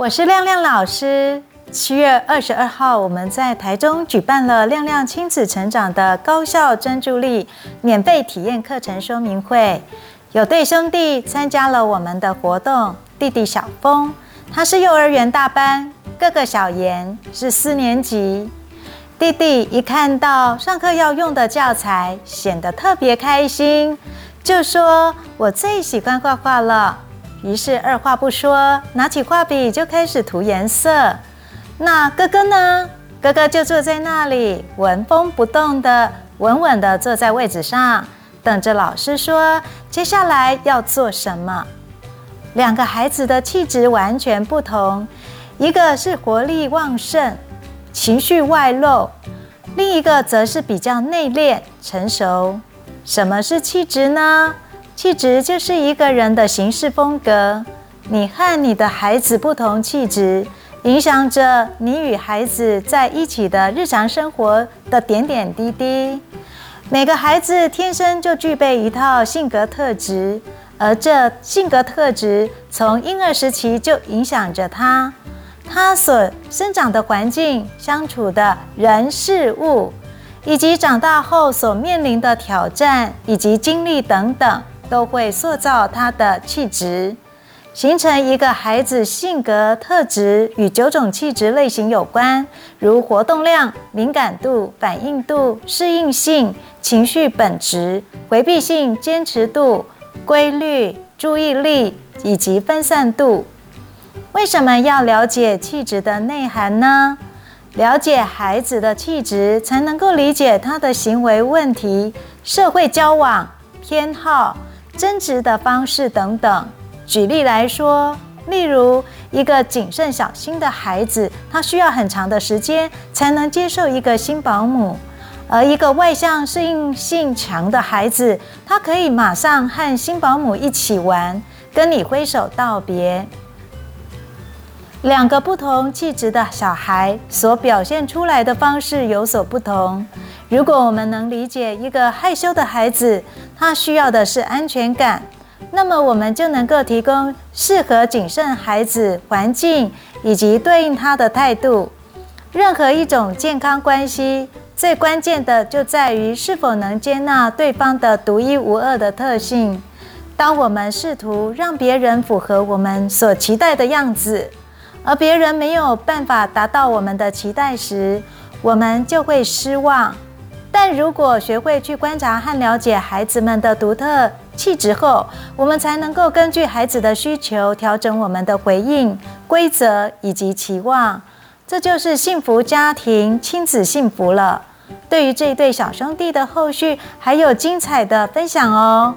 我是亮亮老師。七月二十二號，我們在台中舉辦了亮亮親子成長的高效專注力免費體驗課程說明會。有對兄弟參加了我們的活動，弟弟小峰他是幼兒園大班，哥哥小妍是四年級。弟弟一看到上課要用的教材，顯得特別開心，就說：“我最喜歡畫畫了。”於是二話不說，拿起畫筆就開始塗顏色。那哥哥呢？哥哥就坐在那裡，紋風不動地穩穩地坐在位置上，等着老師說接下來要做什麼。兩個孩子的氣質完全不同，一個是活力旺盛、情緒外露，另一個則是比較內斂、成熟。什麼是氣質呢？氣質就是一個人的行事風格。你和你的孩子不同氣質，影響着你與孩子在一起的日常生活的點點滴滴。每個孩子天生就具備一套性格特質，而這性格特質從嬰兒時期就影響着他，他所生長的環境、相處的人事物，以及長大後所面臨的挑戰以及經歷等等。都會塑造他的氣質，形成一個孩子性格特質與九種氣質類型有關，如活動量、敏感度、反應度、適應性、情緒本質、回避性、堅持度、規律、注意力以及分散度。為什麼要了解氣質的內涵呢？了解孩子的氣質，才能夠理解他的行為問題、社會交往偏好。爭執的方式等等。舉例來說，例如一個謹慎小心的孩子，他需要很長的時間才能接受一個新保姆；而一個外向適應性強的孩子，他可以馬上和新保姆一起玩，跟你揮手道別。兩個不同氣質的小孩所表現出來的方式有所不同。如果我們能理解一個害羞的孩子，他需要的是安全感，那麼我們就能夠提供適合謹慎孩子環境以及對應他的態度。任何一種健康關係，最關鍵的就在於是否能接納對方的獨一無二的特性。當我們試圖讓別人符合我們所期待的樣子，而別人沒有辦法達到我們的期待時，我們就會失望。但如果學會去觀察和了解孩子們的獨特氣質後，我們才能夠根據孩子的需求調整我們的回應、規則以及期望。這就是幸福家庭、親子幸福了。對於這對小兄弟的後續，還有精彩的分享哦。